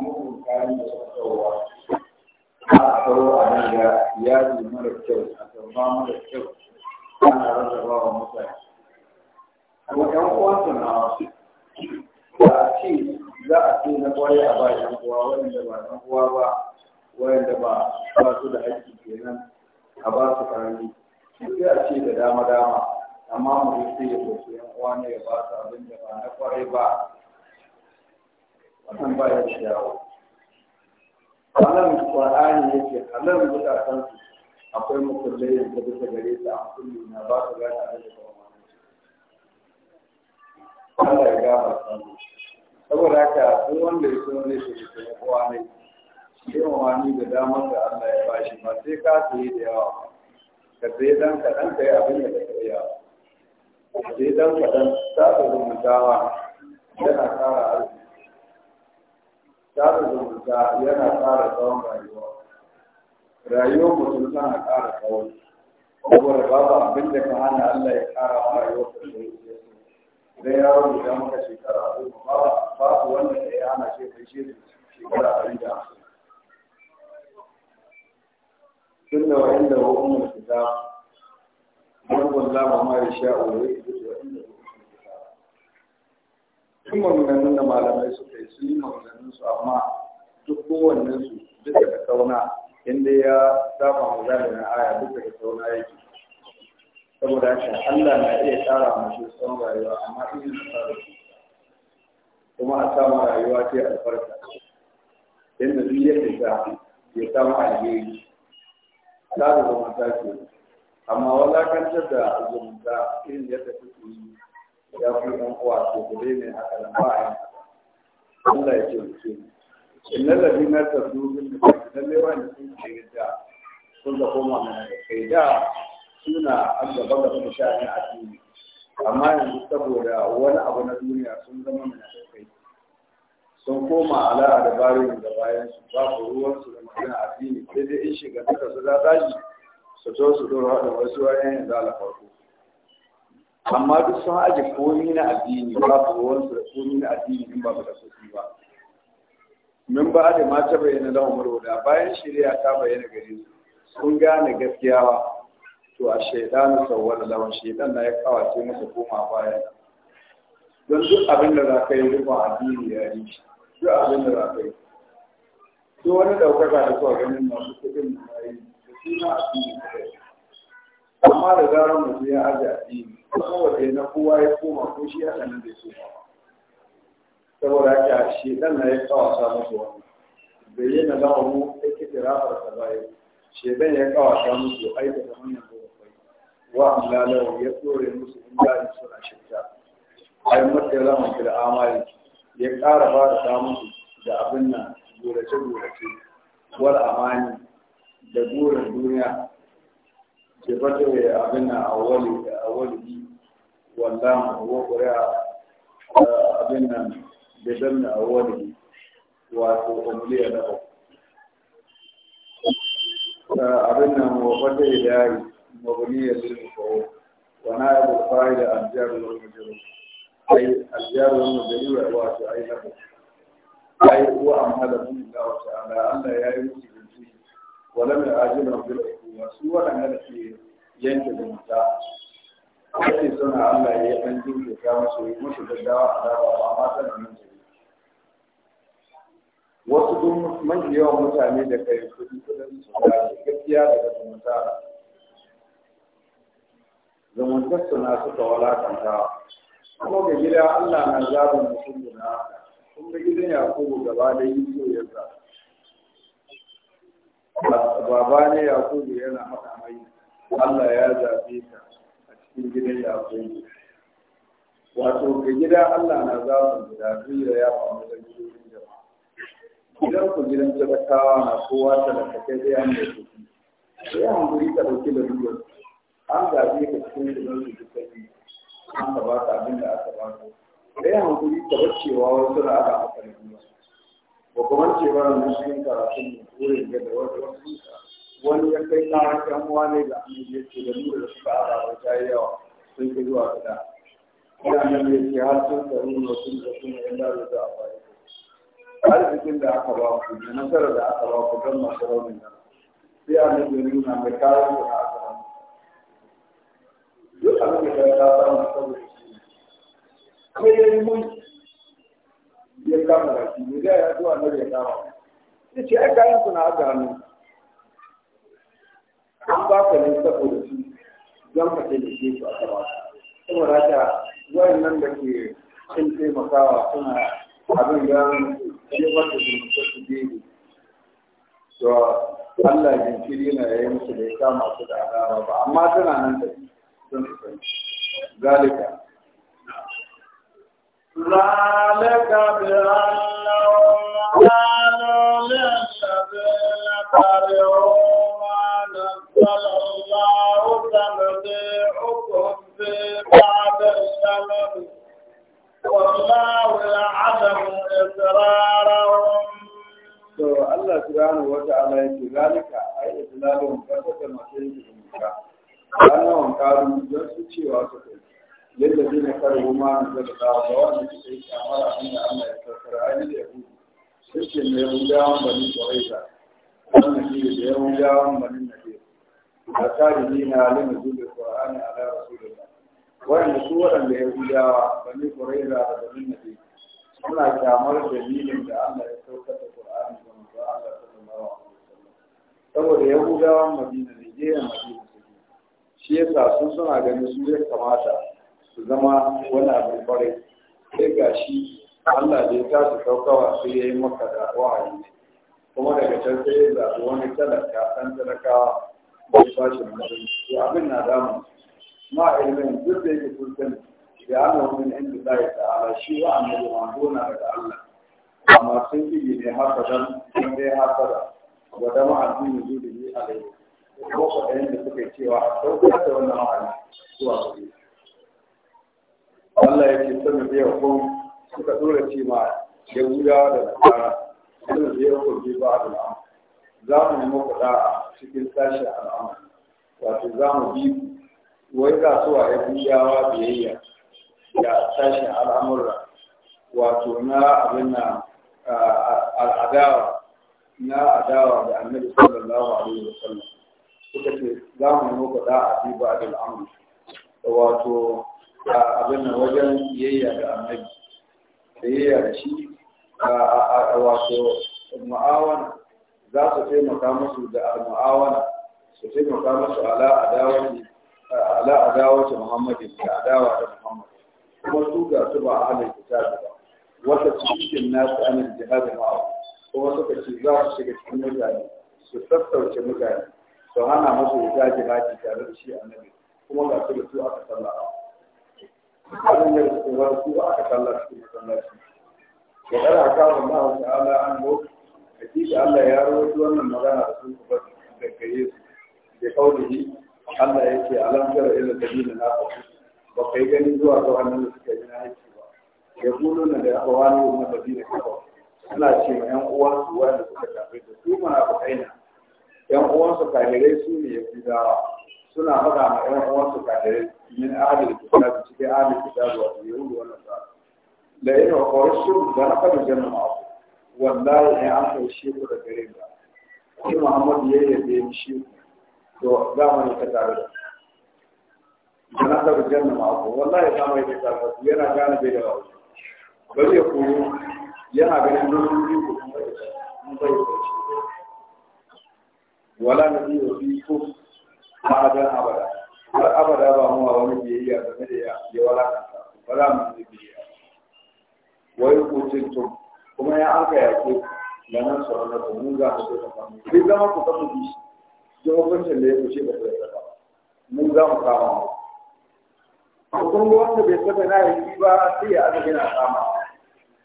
mugun kayan da suka kawowa a kawo a nan yadi mara kyau a tamba mara kyau ana rarraba wa mutane kuma yan uwansu na wasu ba a ce za a ce na kwaye a ba yan uwa wanda ba yan uwa ba wanda ba ba su da aiki kenan a ba su karami sai a ce da dama dama amma mu sai ya kwace yan uwa ne ya ba su abin da ba na kwarai ba wannan ba ya ciyawa alam qur'ani yake alam bukatan su akwai mukullai da bisa gare ta a kullu na ba ka gane a cikin Allah ya gafarta mu saboda haka duk wanda ya so ne shi cikin kowa ne yin wani da damar da Allah ya bashi ba sai ka sayi da yawa ka sai dan kaɗan ka yi abin da ka iya ka sai dan kaɗan ta da zumuntawa yana ƙara sada zumunta yana ƙara tsawon rayuwa rayuwar mutum tana ƙara tsawon saboda babu abin da ka hana Allah ya ƙara wa rayuwar ka da yake idan ya rubuta maka shekara goma babu wanda ya yi hana shi kai shi shekara ɗari da hamsin tun da wa'in da wa'in da fita wani lama ma ya sha wani da wa'in da fita kuma maganganun da malamai suka yi sun yi maganganun su amma duk kowanne su duka da kauna inda ya saba mu na aya duk da kauna yake saboda haka Allah na iya tsara mu tsawon son rayuwa amma in ya tsara shi kuma a samu rayuwa ce albarka inda duk ya fita ya samu alheri za da zumunta ke amma wadatar da zumunta irin yadda kuke yi ya fi ɗan uwa to gure ne haka nan ba'a? a Allah ya taimake mutu inna kai tasudun lalle wani sun ce da sun da koma mana da kai da suna an gaba gaba da a addini amma yanzu saboda wani abu na duniya sun zama mana da kai sun koma ala'a da dabarun da bayan su ba ku ruwan su da magana addini sai dai in shiga duka su za su zo su dora da wasu wayan yanzu ala farko amma duk sun aje komi na addini ba su ruwansu da komi na addini in ba su da kuɗi ba min ba da ma ta bayyana da umar da bayan shirya ta bayyana gare su sun gane gaskiya to a shaidanu sauwar lawan shaidan na ya kawace masa koma bayan don duk abin da za ka yi rufin addini ya yi duk abin da za ka yi duk wani ɗaukaka da kuwa ganin masu kudin da yi da suna addini amma da zarar mutum ya aje addini kowace na kowa ya koma ko shi ya sanar da su saboda haka shi dan na ya kawasa musu wannan bayyana za mu ake kirafar ta bayan shi dan ya kawasa musu aikata wannan gobe wa amlalawa ya tsore musu in gani suna shirka ai mutu ya zama fil amali ya ƙara ba da samun da abin nan gurace gurace wal amani da gurin duniya ke fata ya abin nan a wali awwalihi wallahu wa qura abin nan da dan awwalihi wato umliya na abin nan wa fata ilahi mabniya lil maf'ul wa na'ib al fa'il al jar wal majrur ay al jar wal majrur wa ay nabu ay huwa amhala min Allah ala, Allah ya yi musu jinsi wa lam ya'jilu bil ikwa su wa ke yanke da mutaka ake suna Allah ya yi ɗan jinkirta musu yi musu gaggawa a dawa ba ma sanin nan su wasu duk mafi yawan mutane da kai kudi kudin su da gaskiya daga zumunta zumuntar su na suka walakanta kuma ga gida Allah na zaɓin mutum na? kun ga gidan Yakubu gaba da yi so ya zaɓa baba ne Yakubu yana haɗa mai Allah ya zaɓe ta. cikin gidan yaƙubu wato ga gida Allah na za zafin gida duniya ya faru da gidan jama'a gidan ku gidan talakawa na kowa talakakai zai an da kuɗi sai an guri ka ɗauki da duwar an gaji ka cikin gidan su duka yi an ka ba ka abin da aka ba ka sai an guri ka bacewa wasu na aka aka da duniya ba kuma ce ba na cikin karatun mu kore ga da wasu wasu wani ya kai karar yan uwa ne da annabi ya ce da nuna da suka araba ta yi yawa sun fi zuwa gida ina annabi ya ke har sun tsaro ne sun da sun yan daro da amfani arzikin da aka ba ku da nasara da aka ba ku don masu raunin nan sai annabi ya nuna mai karar da aka ba duk abin da ta samu saboda shi ne kai ya yi mulki ya kama da shi ne da ya zuwa na ya kama ya ce ai kayan kuna aka hannu ba ka ne saboda su don ka taimake su a gaba saboda haka wayannan da ke cin taimakawa suna abin da jefar da zumunta su gebe to Allah ya jinkiri na yayi musu da ya sa masu da adawa ba amma tana nan da sun su sani zalika ذلك بأنهم قالوا للذين كرهوا نزل الله تنزيعكم Allah subhanahu wa ta'ala yake zalika ai islalun ka saka mace shi ka wannan wanka don zai da yi kamar abin da Allah ya da yahudawan bani quraiza wannan da yahudawan bani nabi التابعين لنزول القرآن على رسول الله وإن سورة اليهودية بني قريظة بني النبي سنة كامل دليل لأن سورة القرآن من الله صلى الله عليه وسلم saboda yahudawan madina ne jeren madina suke shi yasa sun suna ganin su ya kamata su zama wani abin kwarai sai ga shi allah da ya tashi kaukawa sai ya yi maka da wahayi kuma daga can sai ya zaɓi wani talaka ɗan talakawa ko ba shi magana to abin na damu ma ilmin duk da yake kurkan da ana wani inda da ya ta'ala shi wa annabi ma gona daga Allah amma sun yi ne haka dan sun dai haka da wa da ma addini zuwa alaihi ko ko da yanda suka cewa saukar da wannan ma'ana zuwa gare Allah ya ce sanin da yau suka dora ce ma Yahudawa da Nasara sanin da yau kun bi ba da za mu yi muku da'a cikin tashin al'amari wato za mu bi wai ga su wa yawa biyayya ya sashen al'amura wato na abin na al'adawa na adawa da annabi sallallahu alaihi wa sallam suka ce za mu yi muku da a ba da al'amari wato abin na wajen biyayya da annabi biyayya da shi wato ma'awana za su taimaka musu da al-mu'awana su taimaka musu ala adawati ala adawati muhammadin da adawa da muhammad kuma su ga su ba ahlul kitabi ba wata cikin nasu anan jihad ma'a kuma suka ce za su shiga cikin mutane su sassauce mutane su hana musu ya jihadi tare da shi annabi kuma ga su da su aka sallama abin da su ba su aka sallama cikin masallaci wa qala ta'ala anhu hakika Allah ya rawaito wannan magana da sun kuma gaggare su da kaulihi Allah ya ce alam ila sabila na ba kai gani zuwa ga wannan da suka yi na ba ya gudu na da awali wa madina kafa suna ce ma ƴan uwan su wanda suka tafi da su mana ba na yan uwan su kafirai su ne dawa. suna faɗa ma yan uwan su kafirai min ahli kitab cikin ahli kitab wa yahudu wannan sa la ina qawshu da aka da jama'a wallahi ya an karshe ku da gare ka sai muhammadu ya yarda ni shi to za mu yi ka tare da da na taɓa janna ma ku wallahi ya mai da tare yana gane bai da Ba bari ya koyo yana ganin dokokin biyu ku kuma da mun bai da shi wala na biyu bi ko ma'adan abada har abada ba mu wani biyayya game da ya wala ba za mu yi biyayya wai kucin tun kuma ya an kaya ke sauran da kuma za mu so ta duk zama ku kama bi shi don hukuncin da ya kushe da bai saka mun za mu kama mu hukun wanda bai saka na yi ba sai ya aka gina kama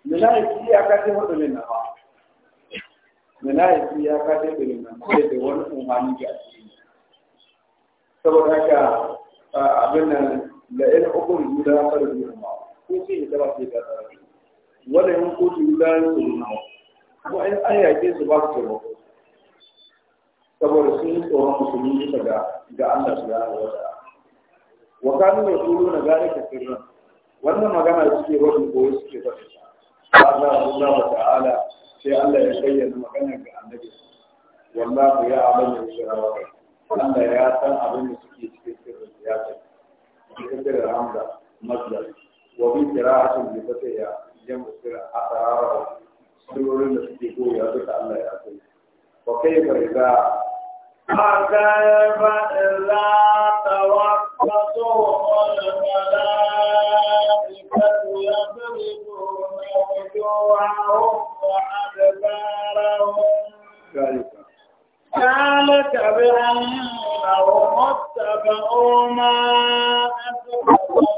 k'i ya ci ya kashe matsalin na ba mina ya ci ya kashe matsalin na sai da wani umarni ga asiri saboda haka abin nan la'in da juna farin juna ma ko sai ya zama sai ka tsara wala yin kotu la yusuluna kuma in an yaƙe su ba su taimako saboda sun yi tsoron musulmi bisa ga ga Allah subhanahu wa ta'ala wa kanu yaquluna zalika sirran wannan magana da suke wajen ko suke Ba Allah Allah wa ta'ala sai Allah ya bayyana magana ga annabi wallahi ya amana da rawa? Allah ya san abin da suke cikin sirrin ya san cikin sirrin hamda masdar wa bi qira'atin bi fatiha yang bersifat asal seluruh mesti ku ya tu tak lay aku. Okey berita. Maka bila tawakkalu Kalau kau berani, kau mesti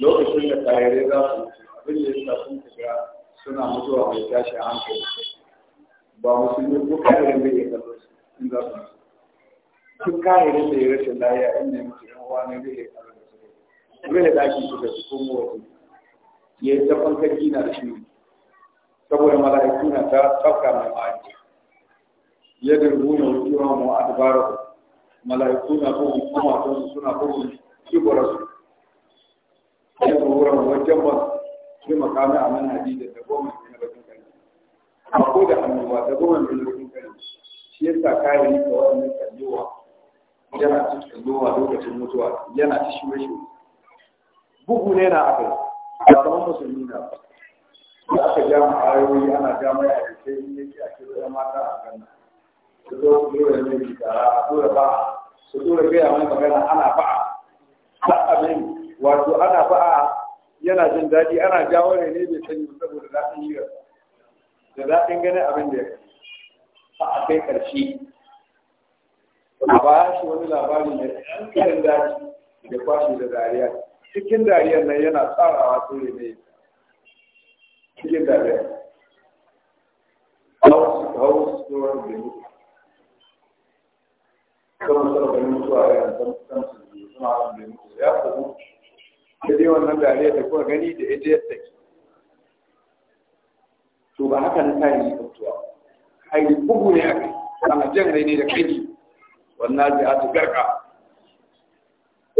lokacin da tsayere za su abin da yasa sun shiga suna mutuwa mai tashi a hankali ba musulmi ko kayan da ya kallo in za su duk kayan da ya rashin lafiya in ne mutu yan uwa ne zai ya kallo da su zai daki su da su ko motsi ya yi tafan karki na da shi saboda mala'iku na ta tsafka mai ma'aji yadda rubunan rubuwa mu adbaru mala'iku na kuma kuma suna kuma kibararsu wurin wajen ba shi makami a nan hadida da goma na bakin kari a ko da annoba da goma na bakin kare shi sa kayan yi kawai ne kallowa yana ta kallowa lokacin mutuwa yana ta shi mashi bugu ne na akai ba kamar musulmi na ba da aka ja ma ayoyi ana ja mai a yake yi yake a kira da mata a ganna su zo su dora da bi tara a dora ba su dora gaya mai magana ana ba'a ta abin wato ana a. yana jin daɗi ana jawo ne ne bai sani saboda daɗin yi da daɗin ganin abin da ya a kai ƙarshe a ba shi wani labari mai ɗan daɗi da kwashe da dariya cikin dariyar nan yana tsarawa dole ne cikin dariyar house house store da mutu kan sarrafa mutuwa yana san san su suna da ya kuma da dai wannan dariya da kuka gani da ita ya take to ba haka na kayan ne kautuwa ai bugu ne akai ana jan rai ne da kai wannan zai atu garka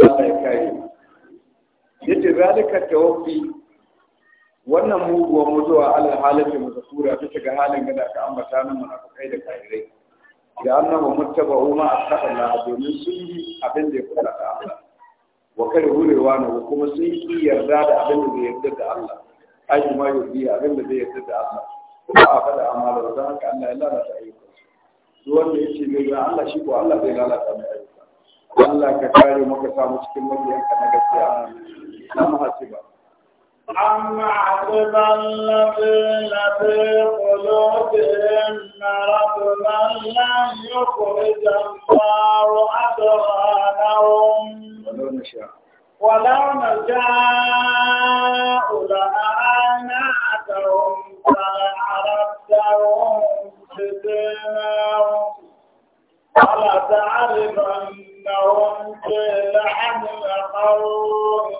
Allah ya kare yace zalika tawfi wannan muguwar mutuwa alal halatu mazkura ta ga halin gada ka ambata nan munafikai da kafirai da annabawa muttaba'u ma asalla domin sun yi abin da ya kula da Allah wa kada hurewa na kuma sun yi yarda da abin da zai yarda da Allah aji ma yarda abin da zai yarda da Allah kuma a fada amala ba haka Allah ya lalata ayyukan su wanda yace mai ga Allah shi ko Allah zai lalata mai ayyuka Allah ka kare mu ka samu cikin mabiyanka na gaskiya na mahasiba أم حسب الذين في قلوبهم مرض من لن يخرج الله أدرانهم ولو نشاء لأعناتهم فلعرفتهم بدينهم ولتعرفنهم في لحن القول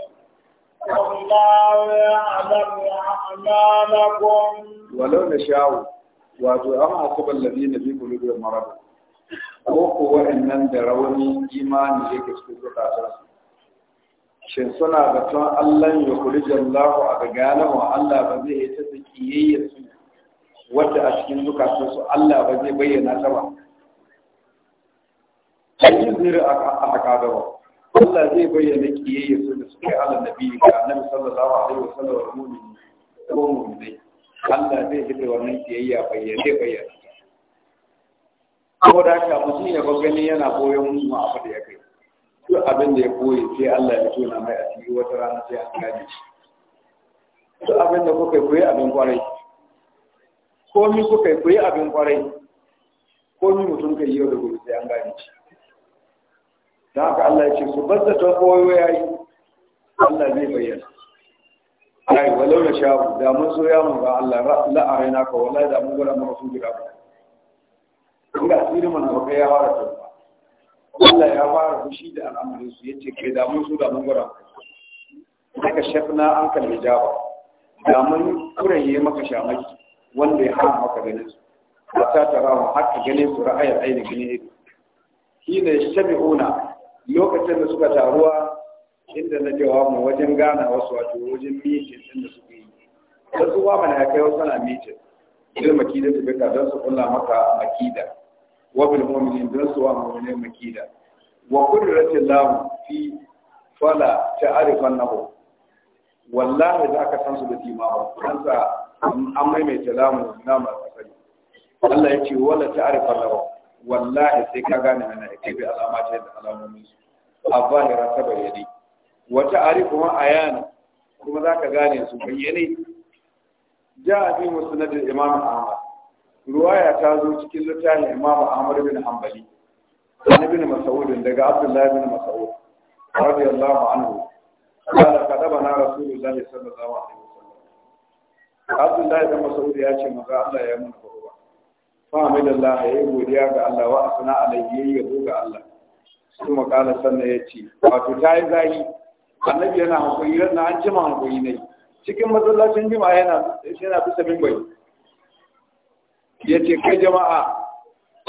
والله يعلم أعمالكم ولو an wato an hasuba alladhina fi qulubihim marad ko ko wa'annan da rawani imani yake cikin zukatan shin suna da ton Allah ya kurje Allah a gagalama Allah ba zai yi ta kiyayyar su wadda a cikin zukatan Allah ba zai bayyana ta ba ayyuzir a haka da Allah zai bayyana kiyayyarsu da suka yi ala nabi ga annabi sallallahu alaihi wa sallam wa mu'mini ko mu'minai Allah zai ji wannan kiyayya bayyane bayyana ko da ka mutum ya ga gani yana koyon musu abu da ya kai duk abin da ya koyi sai Allah ya tona mai asiri wata rana sai an gane shi duk abin da kuka koyi abin kwarai komi kuka koyi abin kwarai komi mutum kai yau da gobe sai an gane shi da haka Allah ya ce su bazza ta koyo yayi Allah zai bayyana ai walau na sha da mun so ya mun ga Allah la arena ka wallahi da mun gura mun sun jira ba. ga sirri mun ba kai ya fara ta Allah ya fara fushi da al'amarin su yace kai da mun so da mun gura haka shafna an kan hijaba da mun yi maka shamaki wanda ya hana maka ganin su ba ta tarawa haka ganin su ra'ayar ainihin ne shine shabi'una lokacin da suka taruwa inda na jawa mu wajen gana wasu wato wajen mitin din da suka yi sai su mana ya kai wasu na mitin irin makida su bika don su kulla maka makida wa bil mu'minin don su wa mu'minin makida wa qudratu lahu fi fala ta'rifannahu wallahi za ka san su da jima ba sa an maimaita lamu na masali Allah ya ce wala ta'rifannahu wallahi sai ka gane mala'ikai bi alamati da alamomin su a zahira ta bayyane wata arifu ma ayana kuma za ka gane su bayyane ja bi musnadil imam ahmad ruwaya ta zo cikin littafin imam ahmad bin hanbali ibn mas'ud daga abdullahi bin mas'ud radiyallahu anhu قال كتبنا رسول الله صلى الله عليه وسلم عبد الله ya ce maza Allah ya يا من ya godiya ga فحمد الله يقول يا الله Allah. عليه يقول الله ya ce. Wato ta yi زاهي annabi yana hakuri ran na an jima hakuri ne cikin masallacin jima yana yana bisa mimbai yace kai jama'a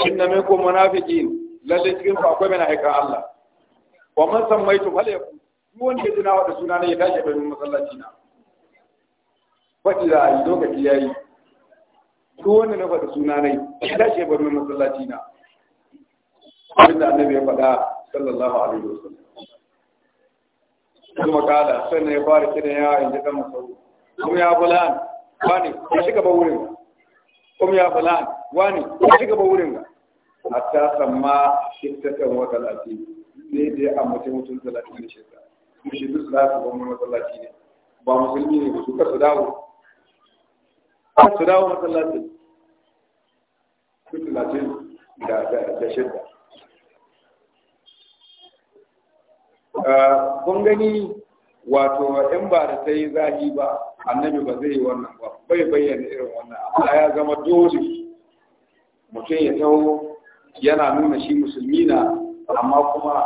inna ko munafiqin lalle cikin ku akwai mana aika Allah wa man sammaitu fal yakun duk wanda ya tuna wa da suna ne ya dace da masallaci na fa ila lokaci yayi ko wanda na faɗi suna nai ya dace bar min masallaci na abinda annabi ya faɗa sallallahu alaihi wasallam kuma kala sannan ya fara kiran ya in ji dan kuma ya fulan wani ya shiga ba wurin kuma ya fulan wani ya shiga ba wurin ga hatta samma ittatan wata talati sai dai a mutum mutum talatin da shida mushi duk za ba mu masallaci ne ba musulmi ne ba su ka su dawo su dawo masallacin da ta shirya. kun gani wato in ba da ta yi zahi ba annabi ba zai yi wannan ba bai bayyana irin wannan amma ya zama dole mutum ya taho yana nuna shi musulmi na amma kuma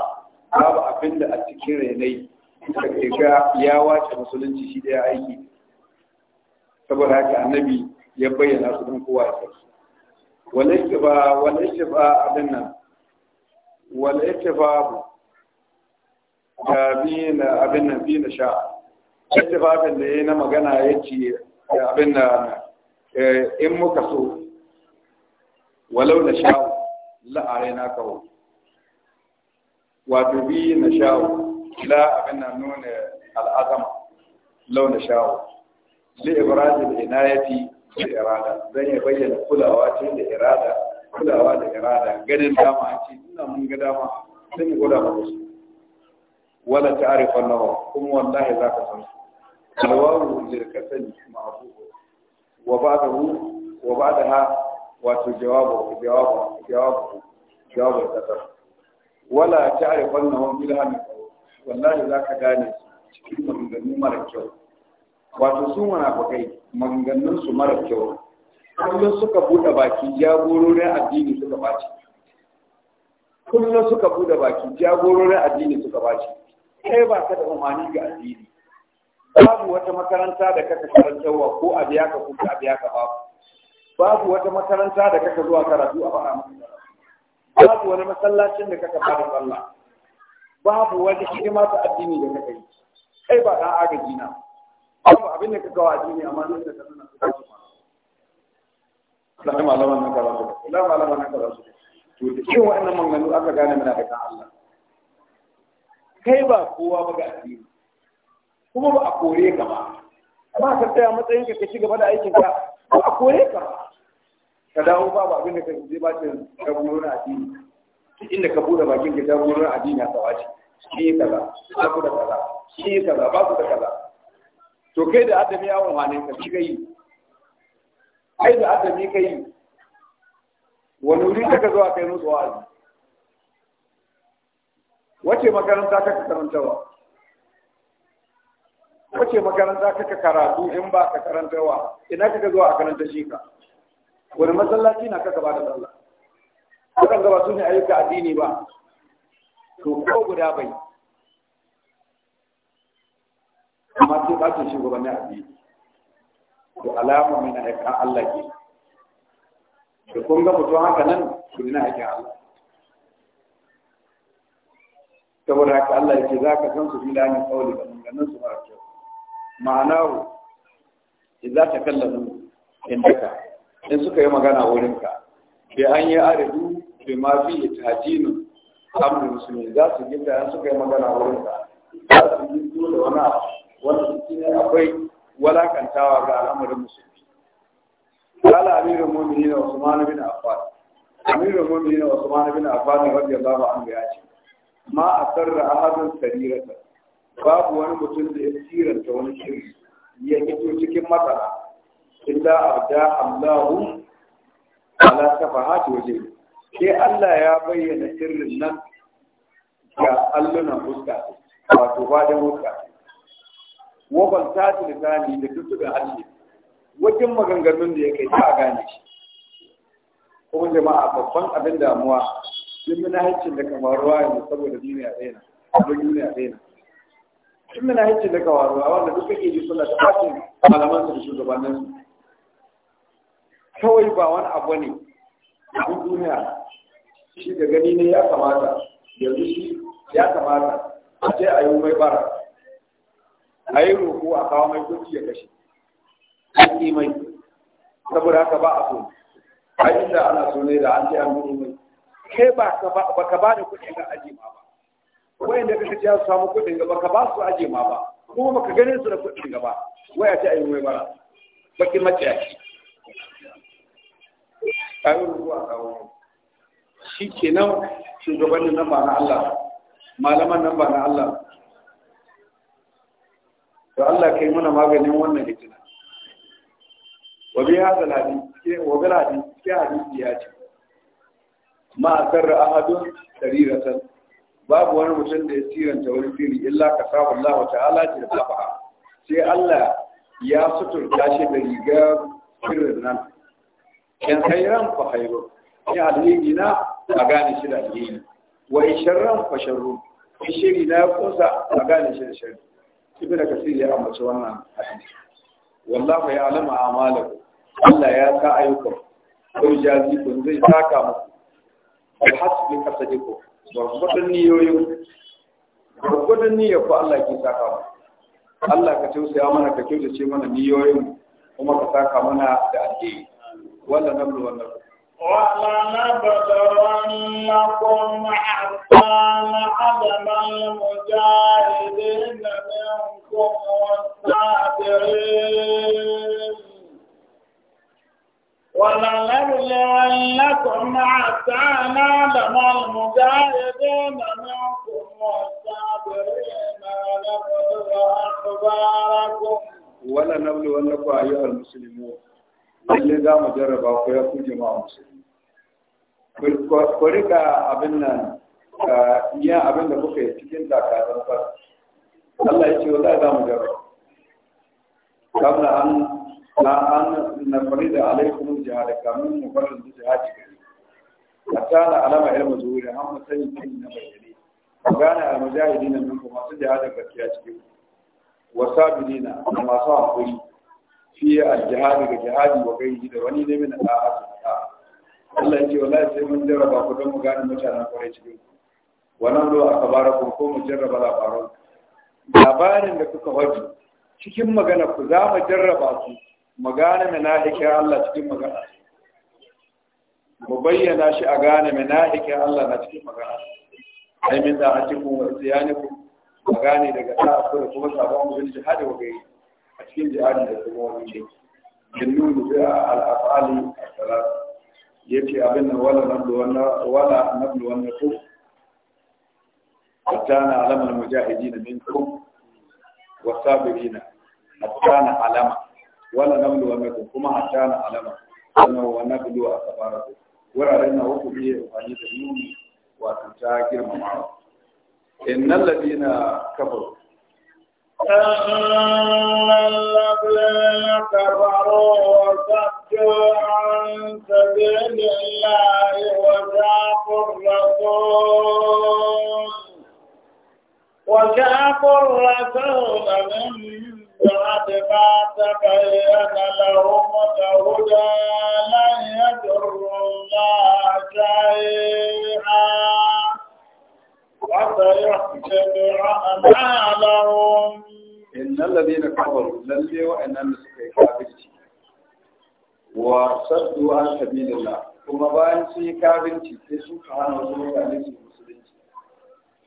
babu abin da a cikin rainai da daga ya wace musulunci shi da ya aiki saboda haka annabi ya bayyana su don kowa ya sarsu wal'ittifa wal'ittifa abin nan wal'ittifa da ta na abin nan biyu na sha ittifafin da ya na magana ya ce abin da in muka so walau na sha la'are na kawo wato biyu na sha la abin nan nuna al'azama lau na li ibradil inayati da irada dan ya bayyana kulawa ce da irada kulawa da irada ganin dama a ce ina mun ga dama yi mu da su wala ta'rifa nawa kuma wallahi zaka san su alwawu lil kasani abu wa ba'dahu wa ba'daha wato jawabu jawabu jawabu jawabu ta. wala ta'rifa nawa bil hamd wallahi zaka gane cikin maganganu mara kyau wato wana munafukai maganganun su mara kyau kullum suka bude baki jagororin addini suka baci kullum suka bude baki jagororin addini suka baci kai ba ka da umarni ga addini babu wata makaranta da kaka karantarwa ko a biya ka kuka a biya ka babu babu wata makaranta da kaka zuwa karatu a fara maka babu wani masallacin da kaka fara sallah babu wani hidima ta addini da kaka yi kai ba dan agaji na abu kai ba kowa ba ga addini kuma ba a kore ka ba a ka tsaya matsayin ka ci gaba da aikin ba a kore ka ba ka dawo babu abin da ka zai ba ta jagorar addini duk inda ka bude bakin ka addini a tsawaci shi kaza ba ku da kaza shi kaza ba ku da kaza to kai da adami yawon hannun ka shi yi. ai da adami kai wani wuri ka zuwa kai musu wa'azi wace makaranta kaka karantawa wace makaranta kaka karatu in ba ka karantawa ina kaka zuwa a karanta shi ka wani masallaci na ka bada da sallah ka gaba su ne ayyuka addini ba to ko guda bai amma sai bacin shugabanni a biyu to alama mai na aika Allah ke da kun ga mutum haka nan su na aikin Allah saboda haka Allah ya ce za ka san su filanin kawai da maganganun su mara kyau ta idza takallamu indaka in suka yi magana wurinka bai an yi aridu bai ma fi tajinu amru musulmi za su gida in suka yi magana wurinka za su yi dole wani abu wannan shi ne akwai walakantawa ga al'amarin musulmi qala amirul mu'minin usman bin affan amirul mu'minin usman bin affan radiyallahu anhu ya ce ma asarra ahadun sarirata babu wani mutum da ya siranta wani shiri ya fito cikin matsala illa abda allahu ala safahati waje sai Allah ya bayyana sirrin nan ga allunan fuska wato fadin fuska wa ban ta ci da tuttuɓin harshe wajen maganganun da ya kai ta a gane shi kuma jama'a babban abin damuwa sun muna haicin da kamaruwa yanzu saboda duniya daina abin duniya daina. na sun muna haicin da kamaruwa wanda duk kake ji suna da ɓacin malamansu da su. kawai ba wani abu ne abin duniya shi da gani ne ya kamata yanzu shi ya kamata a ce a yi mai bara a yi roƙo a kawo mai gunci ya kashe an yi mai saboda haka ba a so a inda ana so ne da an ce an gudu mai kai ba ka ba da kuɗi ga aje ma ba wayan da kake ce su samu ga gaba ka ba su aje ma ba kuma baka ganin su da ba gaba a ce ayi mai ba, baki maciyaci a yi roƙo a kawo mai shi kenan shugabannin nan ba na Allah malaman nan ba na Allah to Allah kai mana maganin wannan fitina wa bi hadal ke wa bi hadisi ke hadisi ya ce ma sarra ahadun sariratan babu wani mutum da ya siranta wani fili illa ka sa Allah ta'ala jirfafa sai Allah ya suturta shi da rigar sirrin nan kan khairan fa khairu ya alheri na a gane shi da alheri wa in sharran fa sharru shi shiri na kusa a gane shi da sharri ibn kasir ya ambaci wannan hadisi wallahu ya alama amalaku Allah ya sa ayyukan ko jazi kun zai saka muku al hasbi kasadiku wa gudun niyoyin gudun niyyar ko Allah ke saka muku Allah ka ya mana ka kyautace mana niyoyin kuma ka saka mana da addini walla nablu wannan ولنبلونكم حتى نعلم المجاهدين منكم والصابرين ولنبلونكم حتى نعلم المجاهدين منكم والصابرين ونبلغ أخباركم ولنبلونكم أيها المسلمون lalle za mu jarraba ku ya fi jama'a musulmi ku rika abin nan yin abin da kuka yi cikin takatan ba Allah ya ce wa za mu jarraba kamar an na an na farida alaikum da kamun mu fara da jihadi cikin a na alama ilmu zuhuri an mu sani kin na bayyane gane almujahidina minkum masu jihadin gaskiya cikin wasabirina da masu hakuri في al الجهاد وغيره jihadi من gairi da wani ولا شيء من Allah ya ce wallahi sai mun jarraba ku don mu gane mutanen kwarai cikin ku wannan zo aka mu jarraba labarin da kuka waje cikin magana ku za mu jarraba ku mu gane manahikin Allah cikin magana mu bayyana shi a gane manahikin Allah na cikin magana ai min da a wa ku gane daga kuma sabon ku a cikin jihadi da kuma wani ne jinnu da al'afali a tsara ya ce abin da wala na wala nablu wannan ku hatta na alamar mujahidina minkum wasabirina hatta na alama wala wani ku kuma ta na alama sannan wani nablu a sabaratu wuraren na uku ne amfani da nuni wato ta girmamawa innal ladina kafaru إن الذين كفروا وصدوا عن سبيل الله وشاقوا الرسول وشاقوا الرسول من بعد ما تبين لهم الهدى لن يضروا الله شيئا الذين كفروا وصدوا عن سبيل الله kuma bayan sun yi kabinci sai sun ka su musulunci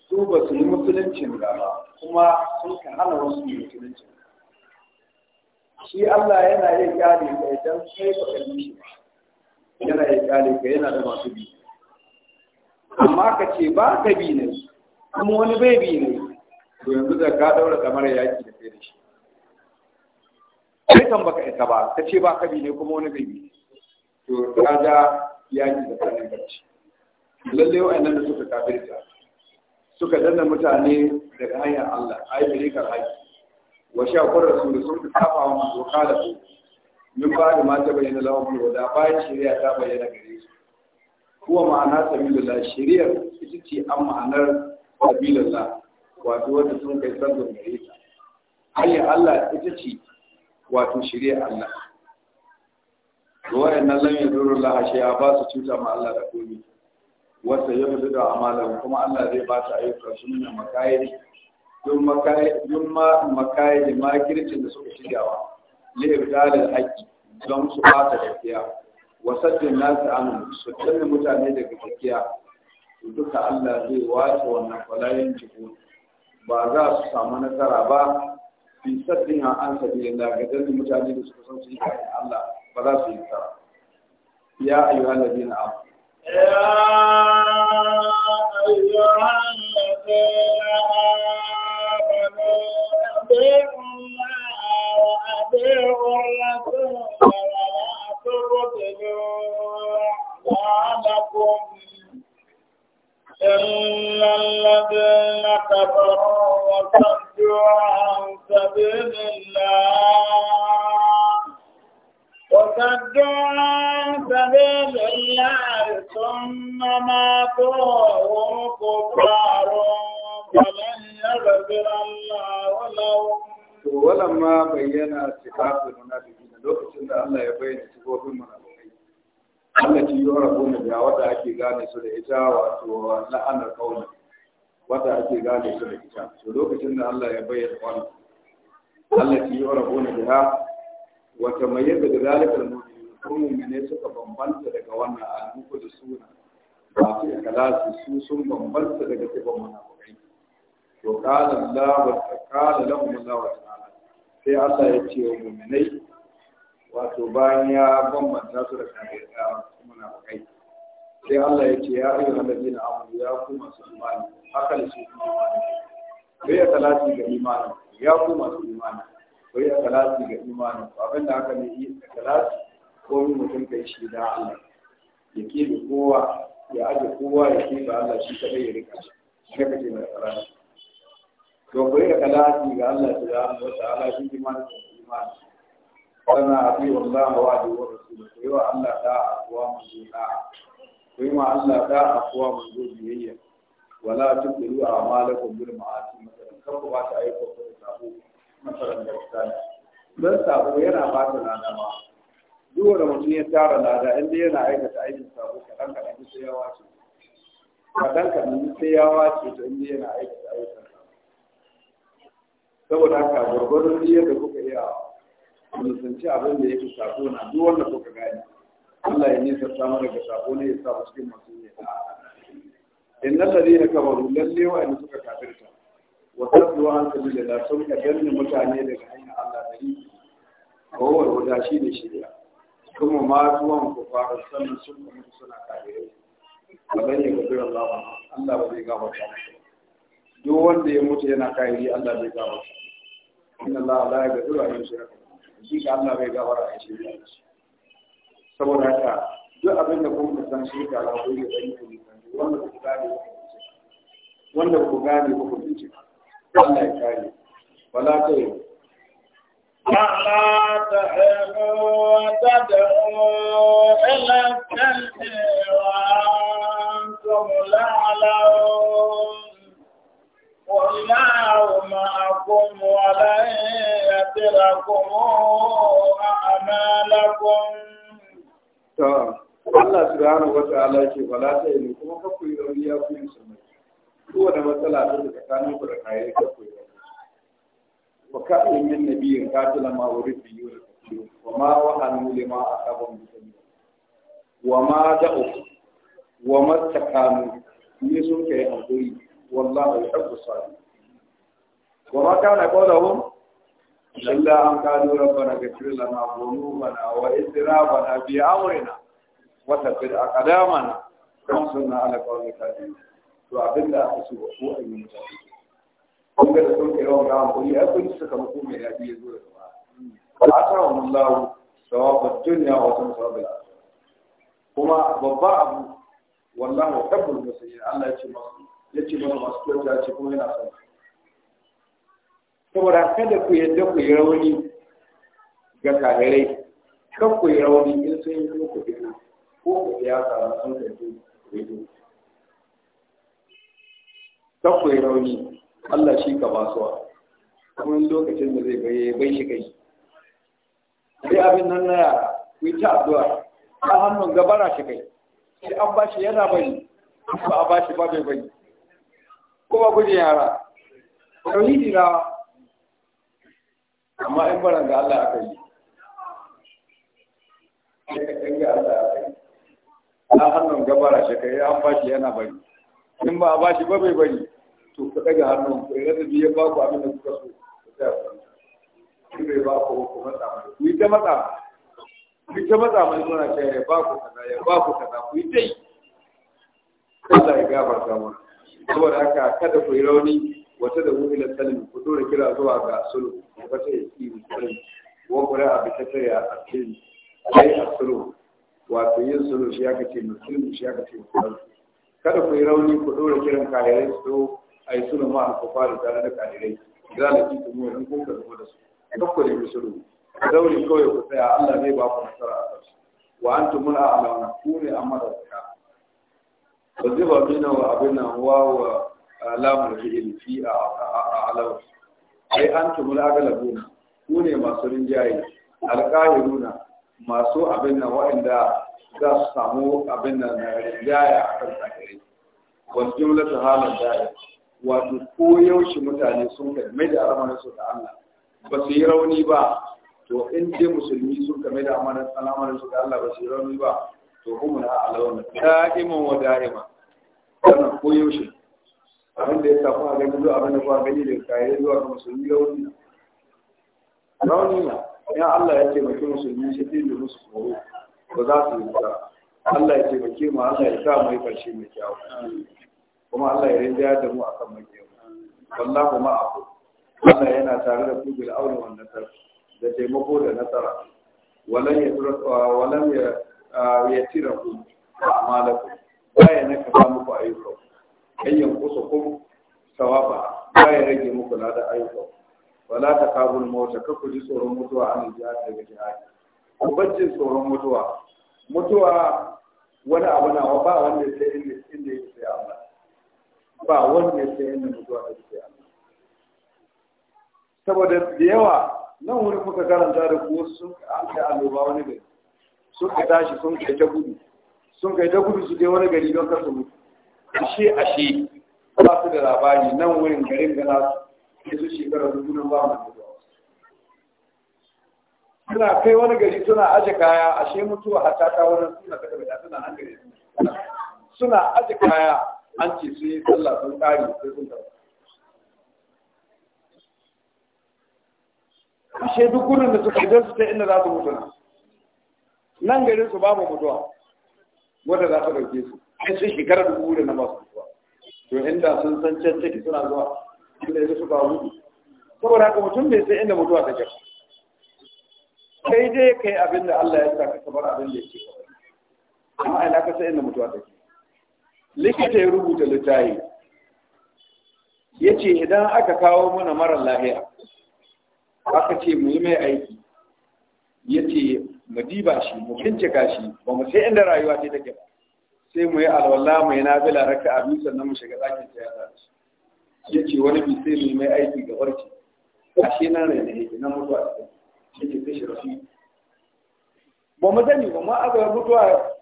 su ba su musuluncin kuma shi Allah yana yi kyale ka idan shi yana ka yana da masu bi amma ka ce ba ka bi ne kuma wani bai bi ne to yanzu da ka daura kamar yaki da kai da shi Sai kan baka isa ba ka ce ba ka ne kuma wani bai bi to ka ga yaki da sai da shi lalle wa da suka kafirta suka danna mutane daga hanyar Allah ai bi ka haƙi wa sha kun da sun fi kafa wa masu kala su min ba da mata bayyana lawa mu da bayan shari'a ta bayyana gare su kuwa ma'ana sabilillah shari'a ita ce an ma'anar sabilillah wato wanda sun kai sabon gare ta hanyar Allah ita ce wato shirya Allah ga waɗannan lam yadurru Allah shay'a ba su cuta ma Allah da komai wata ya fi da amalan kuma Allah zai ba ta ayyuka sun ne makayi don makayi don ma makayi da makircin da suka shiryawa li ibdalil haqqi don su ba ta gaskiya wasaddin nasu an su canza mutane daga tafiya. duka Allah zai wace wannan kwalayen jiko ba za su samu nasara ba fi sabbin an sabi da gadar mutane da suka san su yi kayan Allah ba za su yi nasara ya ayyuha alladhina amanu ya ayyuha alladhina amanu abiqu wa abiqu lakum wa la tubtilu wa lakum إن الذين كفروا وصدوا عن سبيل الله وصدوا عن سبيل الله ثم ماتوا وهم كفار فلن يغفر الله لهم ولما بين صفات المنافقين لوكتين الله يبين صفات المنافقين Allah ci yora gona da wata ake gane su da ita wato la'anar kauli wata ake gane su da ita to lokacin da Allah ya bayyana wannan Allah ci yora da wata mai yadda da zalikar mu'minin mai suka bambanta daga wannan al'umma da suna ba su su sun bambanta daga tibon munafikai to qala Allah wa qala lahum Allah ta'ala sai Allah ya ce wa mu'minai wato bayan ya bambanta su da kuma na kai. sai Allah ya ce ya ayu allazina amu ya ku masu imani haka da su imani bai ya salati ga imani ya ku masu imani bai ya salati ga imani abin da haka ne yi salati ko mutum kai shi da Allah ya da kowa ya aje kowa ya ba Allah shi kadai ya rika shi shi ka ce mai tsara to bai ya salati ga Allah subhanahu wa ta'ala shi imani imani kana atiu Allah wa atiu rasul ku yi wa Allah da akwa manzo da ku yi wa Allah da akwa manzo biyayya wala tuqiru a'malakum bil ma'asi masalan kan ku ba ta aiko ku da sabo masalan da ta dan sabo yana ba ta lada ma duk da mutum ya tara lada inda yana aikata aikin sabo kadan kadan sai ya wace kadan kadan sai ya wace to inda yana aikata aikin sabo saboda haka gurgurun da kuka iya musulunci abin da yake sako na duk wanda kuka gani Allah ya nisa samu da sako ne ya sa cikin masu yi da innal ladina kafaru lalle wa'anda suka kafirta wa tasdu an da sun ka danne mutane daga hanyar Allah da yi kowar wada shi ne shirya kuma ma zuwan ku fara sannan sun kuma suna kafirai Allah ya gafira Allah Allah ba zai gafarta duk wanda ya mutu yana kafiri Allah bai gafarta inna Allah la yaghfiru an yushraka shi ga Allah bai gawara a shi da shi saboda haka duk abin da kuma san shi ga Allah bai da yi ne wanda ku gane wanda ku gane ku ku Allah ya kare wala ta yi ولا تهنوا وتدعوا إلى الجنة وأنتم لا لون والله معكم ولن يتركم أعمالكم Allah subhanahu wa ta'ala yake ba la ta yi kuma ka koyi rauni ya koyi sunna kowane matsala ta da tsakanin ku da kayan ka koyi rauni wa ka yi min nabiyin katila ma wa rufi da wa ma wa hannu ma a sabon mutane? wa ma da'u wa matakanu ne sun kai hankali والله يحب الصالحين وما كان قولهم إلا أن قالوا ربنا اغفر لنا ذنوبنا وإسرافنا في وثبت أقدامنا وانصرنا على قوم الكافرين a أحسوا أي المتقين kun ga da sun kai yawan gawan kuri ai kun suka mutu mai daɗi ya zo da ba ta wa mullahu sawabar wa sun sawabar kuma babba abu wallahu Allah ya ce ya ce mana masu kyauta ce kuma yana son saboda kada ku yadda ku yi rauni ga kahirai kan ku yi rauni in sun yi ku fitna ko ku ya samu sun karfi ku kan ku yi rauni Allah shi ka basuwa kuma lokacin da zai bayyana bai shi kai sai abin nan na yara ku yi ta addu'a a hannun gabara shi kai sai an bashi yana bari ba a bashi ba bai bari ko ba ku yara tauhidi na amma in bara ga Allah aka yi sai dinga yi na hannun gabara shekai an bashi yana bari in ba a bashi ba bai bari to ka daga hannun ku yadda bi ya ba ku abin da kuka so ku ta yi bai ba ku ku matsa ku yi ta matsa ku ta matsa mai suna cewa ya ba ku kaza ya ba ku kaza ku yi dai Allah ya gafarta mana saboda haka kada ku yi rauni wata da wuhi na salim ku tura kira zuwa ga sulu ba ta yi tsiri salim wa kura a bisa ta ya asiri ai a sulu wato yin sulu shi aka ce musulun shi aka ce musulun kada ku yi rauni ku tura kiran kayayyar su a yi sulu ma a kufa da tare da kayayyar za a ji kuma in kuka ka da su kan ku nemi sulu ku daure kawai ku tsaya Allah zai ba ku nasara a kansu wa an antum a alama, ku ne amma da tsaka وزبا بينا وابنا واو لام الفعل في اعلو اي انتم الاغلبون Kune masu rinjaye nuna masu abin nan wa'anda za su samu abin nan rinjaye akan sakare wal jumlatu halan da'i wato ko yaushe mutane sun kai mai da amanar su da Allah ba su yi rauni ba to in dai musulmi sun kai "Mai da amanar su da Allah ba su yi rauni ba to kuma na ta alawan da'iman wa da'ima wannan koyaushe abin da ya samu a gani zuwa abin da kuwa gani da kayan zuwa ga musulmi launi na rauni na ya Allah ya taimaki musulmi shi zai da musu koro ba za su yi ba Allah ya taimake ma Allah ya sa mu yi karshe mai kyau kuma Allah ya rinjaya da mu akan mai kyau wallahu kuma abu Allah yana tare da ku bil aure wa nasar da taimako da nasara walan ya walan ya ya tira ku amalakum baya na samu ku ayyuka ayyan kusa kun sawaba baya rage muku lada ayyuka wala ta kabul mota ka ku ji tsoron mutuwa an jihad daga jihadi ku bacci tsoron mutuwa mutuwa wani abu na ba wanda ya sai inda inda ya sai Allah ba wanda ya sai inda mutuwa ta sai Allah saboda da yawa nan wurin muka karanta da ku sun an kai annoba wani sun ka tashi sun kai ta gudu sun kai ta gudu su je wani gari don kasu mutu ashe ashe ba su da labari nan wurin garin gana su ke su shekara dubu nan ba mu suna kai wani gari suna aje kaya ashe mutuwa hatta ta wani suna ta gaba suna an gari suna aje kaya an ce sun yi sallah sun kari sai sun tafi ashe duk gurin da suka idan su ta inda za su mutu nan garin su babu mutuwa wanda za ta ɗauke su ai sun shekara da da na masu zuwa to inda sun san can ciki suna zuwa inda ya suka gudu saboda haka mutum bai san inda mutuwa ta jaka sai dai kai abin da Allah ya saka ka bar abin da yake amma ai ka san inda mutuwa ta likita ya rubuta littafi ya ce idan aka kawo mana mara lahiya aka ce mu yi mai aiki ya ce mu diba shi mu bincika shi ba mu sai inda rayuwa ce take ba sai mu yi alwala mu yi nabila raka a biyu sannan mu shiga ɗakin ta yasa shi ya ce wani bi sai mu yi mai aiki ga barci a shi nan rai da yake na mutuwa ta cikin ce sai shi rafi ba mu sani ba ma aka mutuwa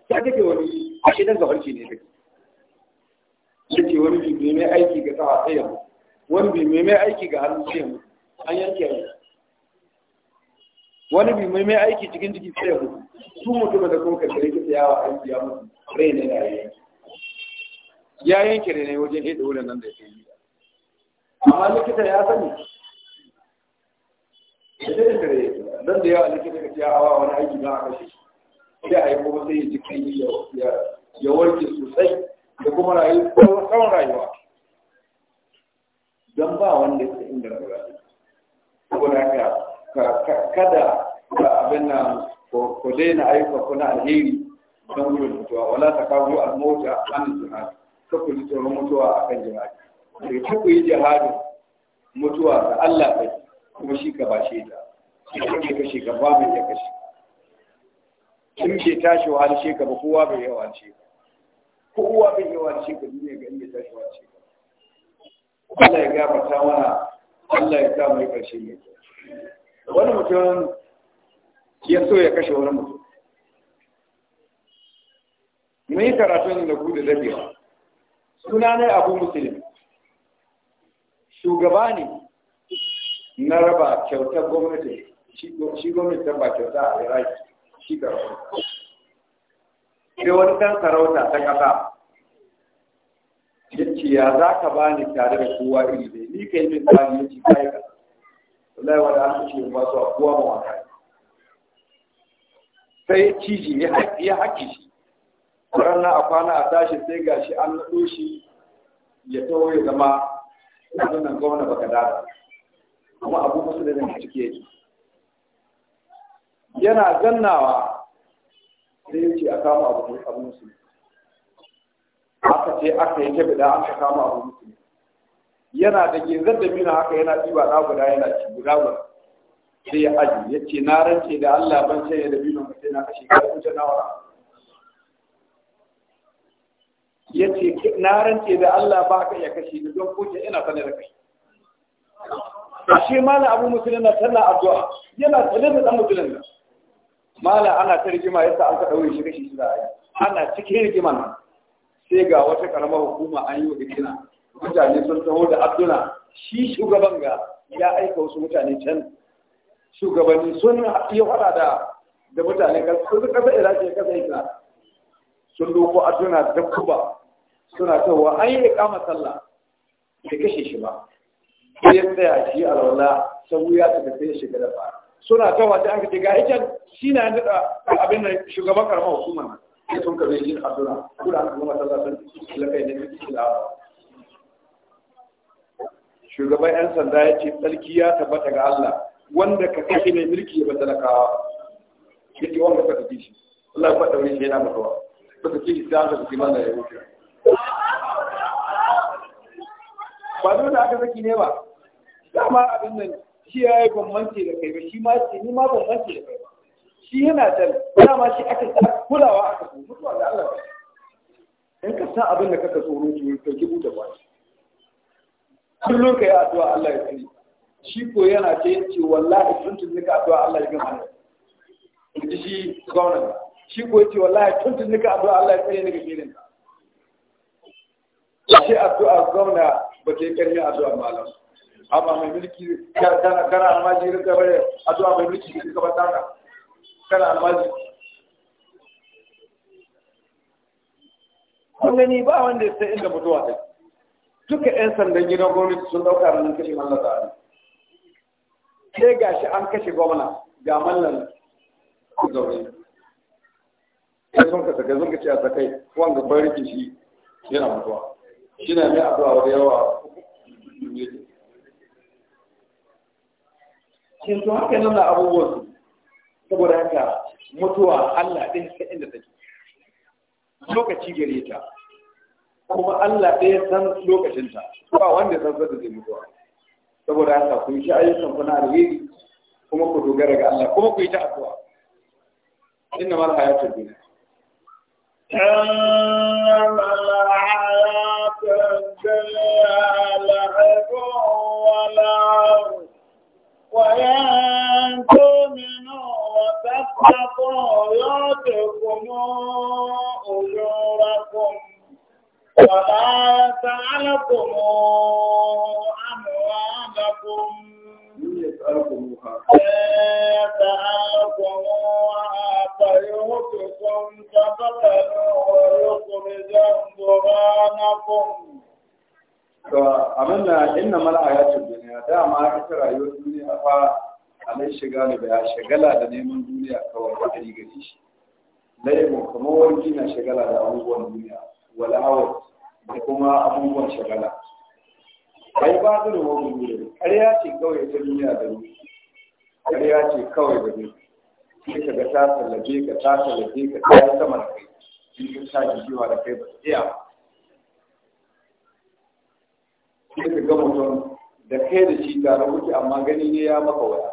ta take wani a shi nan ga barci ne take ya ce wani bi mai aiki ga tsawa sai ya wani bi mai aiki ga hannu sai ya an yanke wani bi mai mai aiki cikin ciki sai ya mutu su mutu da kuma da kisa yawa aiki ya mutu rai ne da ya ya yanke ne ne wajen hidda wurin nan da ya yi amma likita ya sani idan da kare nan da yawa likita ka ciya awa wani aiki don a kashe sai a yi kuma sai ya ji kai ya warke sosai da kuma rayu tsawon rayuwa don ba wanda ya inda rayuwa na haka kada ka abin nan na daina ko na alheri don gudun mutuwa wala ta kawo al-mauta an jihad ka ku ji tsoron mutuwa akan jihad sai ta eh, ku yi jihadin mutuwa ga Allah kai kuma shi ka bashe ta shi ka kashe ka ba mai ya kashe shi ke tashi wahalshe ka ba kowa bai yawa ce ka kowa bai yawa ce ka duniya ga inda tashi wahalshe ka Allah ya gafarta mana Allah ya sa mai karshe ne wani mutum ya so ya kashe wani mutum mun yi karatun da ku da dadewa suna ne abu musulun shugaba ne na raba kyautar gwamnati shi gwamnati ta ba kyauta a iraki shi karfa sai wani kan sarauta ta kasa ya ya za ka ba ni tare da kowa iri ne ni ka yi min tsari ya ce yi ka wallahi wani an ce ba su a kuwa ma wata sai ciji ya haƙi shi ranar a kwana a tashi sai ga shi an naɗo shi ya taho ya zama wannan gwamna baka dada amma abu musu da zan ciki yake yana gannawa sai ya ce a kama abu abu musu aka ce aka yi kebe aka kama abu musu yana da ginzar da bina haka yana ɗiba na guda yana ci guda sai ya aji ya ce na rance da Allah ban sai ya dabi ka sai na kashe ka kuce na wara ya ce na rance da Allah ba ka ya kashe ni don kuce ina sanar da kai shi malam abu musulun na tana addu'a yana sanar da dan musulun nan mala ana ta rigima yasa an ka daure shi kashe shi da yi. ana cikin rigima na. sai ga wata karamar hukuma an yi wa gidina mutane sun taho da abduna shi shugaban ga ya aika wasu mutane can shugabanni sun iya faɗa da da mutane sun kasa iraki kasa ita sun doko aduna da kuba suna cewa an yi kama sallah da kashe shi ba sai ya tsaya shi alwala sabu ya tafi sai ya shiga da ba suna cewa da aka ga ikin shi na nada abin da shugaban karamar hukuma ya sun bai yin aduna kula an kuma sallah sun kai ne cikin lawa shugaban yan sanda ya ce tsarki ya tabbata ga Allah wanda ka kashe mai mulki ya bada lakawa ya ce wanda ka kashe shi Allah ya faɗa wani shi yana mutuwa ka kashe shi sai an kima mana ya wuce ba da aka saki ne ba dama abin nan shi ya yi bambanci da kai ba shi ma ce ni ma bambanci da kai ba shi yana can dama shi aka sa kulawa aka so mutuwa da Allah in ka sa abin da kaka tsoro ki ka ki buta ba kullum ka yi addu'a Allah ya tsare shi ko yana ce yace wallahi tun tun nika addu'a Allah ya gama ne shi gwamnati shi ko ce wallahi tun tun nika addu'a Allah ya tsare ni ga shirin shi addu'a gwamna ba ta yi karfi addu'a malam amma mai mulki kana kana almaji rinka bare addu'a mai mulki ka bata ka kana almaji kun gani ba wanda ya san inda mutuwa take duka 'yan sandan gidan gwamnati sun dauka mun kashe mallan sa'adu sai gashi an kashe gwamna ga mallan zaune sai sun kasa ga sun ce a sakai wanga bariki shi yana mutuwa shi na mai addu'a da yawa shin to haka nan abubuwan su saboda haka mutuwa Allah ɗin sai inda take lokaci gare ta kuma Allah ɗaya san lokacinta ba wanda san sadda zai mutuwa saboda haka ku yi shi ayyukan ku na alheri kuma ku dogara ga Allah kuma ku yi ta addu'a inna mal hayatul dunya إنما الحياة الدنيا لعب ولعب وإن تؤمنوا وتتقوا يؤتكم أجوركم وما يسألكم أموالكم يسألكمها فيوتكم تقتلوا da dama ita rayuwar duniya fa alai shiga shagala da neman duniya kawai ba a gari shi lai mu kamar warki na shagala da abubuwan duniya wala hawa da kuma abubuwan shagala Bai ba da ruwa gudu ƙarya ce kawai ta duniya da ni ƙarya ce kawai da ni sai ka ga ta tallabe ka ta tallabe ka ta yi sama da kai in ka ta jiwa da kai ba ta iya sai ka ga mutum da kai da shi tare wuce amma gani ne ya maka waya